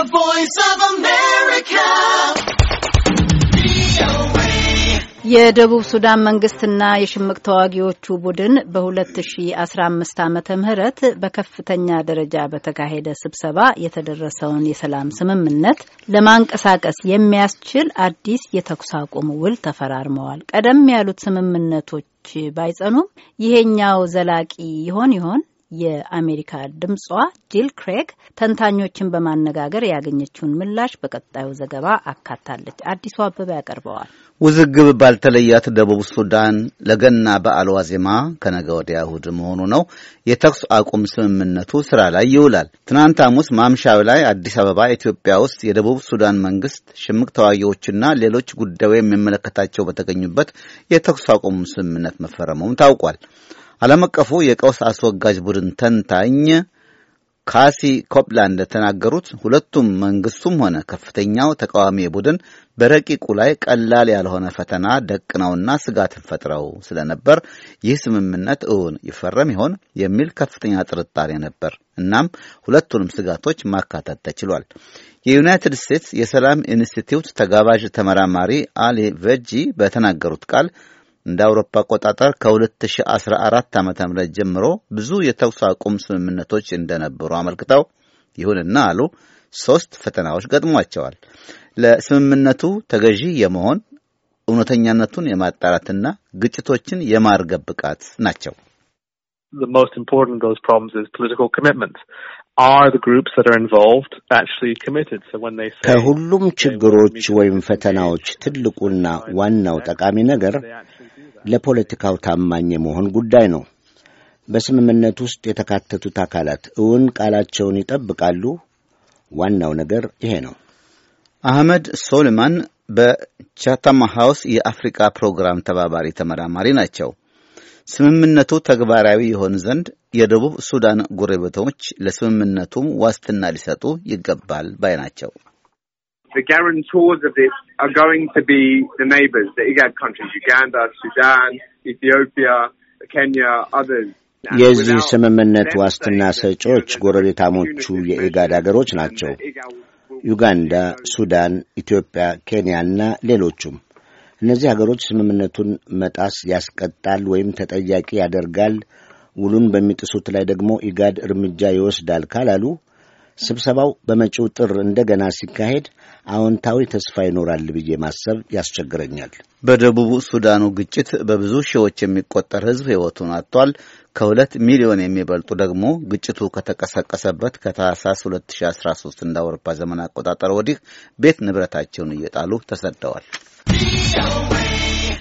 The Voice of America. የደቡብ ሱዳን መንግስትና የሽምቅ ተዋጊዎቹ ቡድን በ2015 ዓ ም በከፍተኛ ደረጃ በተካሄደ ስብሰባ የተደረሰውን የሰላም ስምምነት ለማንቀሳቀስ የሚያስችል አዲስ የተኩስ አቁም ውል ተፈራርመዋል። ቀደም ያሉት ስምምነቶች ባይጸኑም ይሄኛው ዘላቂ ይሆን ይሆን? የአሜሪካ ድምጿ ጂል ክሬግ ተንታኞችን በማነጋገር ያገኘችውን ምላሽ በቀጣዩ ዘገባ አካታለች። አዲሱ አበበ ያቀርበዋል። ውዝግብ ባልተለያት ደቡብ ሱዳን ለገና በዓል ዋዜማ ከነገ ወዲያ እሁድ መሆኑ ነው የተኩስ አቁም ስምምነቱ ስራ ላይ ይውላል። ትናንት ሐሙስ ማምሻው ላይ አዲስ አበባ ኢትዮጵያ ውስጥ የደቡብ ሱዳን መንግስት ሽምቅ ተዋጊዎችና ሌሎች ጉዳዩ የሚመለከታቸው በተገኙበት የተኩስ አቁም ስምምነት መፈረሙም ታውቋል። ዓለም አቀፉ የቀውስ አስወጋጅ ቡድን ተንታኝ ካሲ ኮፕላንድ እንደተናገሩት ሁለቱም መንግስቱም ሆነ ከፍተኛው ተቃዋሚ ቡድን በረቂቁ ላይ ቀላል ያልሆነ ፈተና ደቅነውና ስጋትን ፈጥረው ስለነበር ይህ ስምምነት እውን ይፈረም ይሆን የሚል ከፍተኛ ጥርጣሬ ነበር። እናም ሁለቱንም ስጋቶች ማካተት ተችሏል። የዩናይትድ ስቴትስ የሰላም ኢንስቲትዩት ተጋባዥ ተመራማሪ አሊ ቬጂ በተናገሩት ቃል እንደ አውሮፓ አቆጣጠር ከ2014 ም ጀምሮ ብዙ የተኩስ አቁም ስምምነቶች እንደነበሩ አመልክተው ይሁንና አሉ ሶስት ፈተናዎች ገጥሟቸዋል። ለስምምነቱ ተገዢ የመሆን እውነተኛነቱን የማጣራትና ግጭቶችን የማርገብ ብቃት ናቸው። ከሁሉም ችግሮች ወይም ፈተናዎች ትልቁና ዋናው ጠቃሚ ነገር ለፖለቲካው ታማኝ የመሆን ጉዳይ ነው። በስምምነት ውስጥ የተካተቱት አካላት እውን ቃላቸውን ይጠብቃሉ? ዋናው ነገር ይሄ ነው። አህመድ ሶልማን በቻታማ ሃውስ የአፍሪካ ፕሮግራም ተባባሪ ተመራማሪ ናቸው። ስምምነቱ ተግባራዊ ይሆን ዘንድ የደቡብ ሱዳን ጎረቤቶች ለስምምነቱም ዋስትና ሊሰጡ ይገባል ባይ ናቸው። የዚህ ስምምነት ዋስትና ሰጪዎች ጎረቤታሞቹ የኢጋድ አገሮች ናቸው። ዩጋንዳ፣ ሱዳን፣ ኢትዮጵያ፣ እና ሌሎቹም እነዚህ ሀገሮች ስምምነቱን መጣስ ያስቀጣል ወይም ተጠያቂ ያደርጋል፣ ውሉን በሚጥሱት ላይ ደግሞ ኢጋድ እርምጃ ይወስዳል ካላሉ ስብሰባው በመጪው ጥር እንደገና ሲካሄድ አዎንታዊ ተስፋ ይኖራል ብዬ ማሰብ ያስቸግረኛል። በደቡብ ሱዳኑ ግጭት በብዙ ሺዎች የሚቆጠር ሕዝብ ሕይወቱን አጥቷል። ከሁለት ሚሊዮን የሚበልጡ ደግሞ ግጭቱ ከተቀሰቀሰበት ከታህሳስ 2013 እንደ አውሮፓ ዘመን አቆጣጠር ወዲህ ቤት ንብረታቸውን እየጣሉ ተሰደዋል። Be away.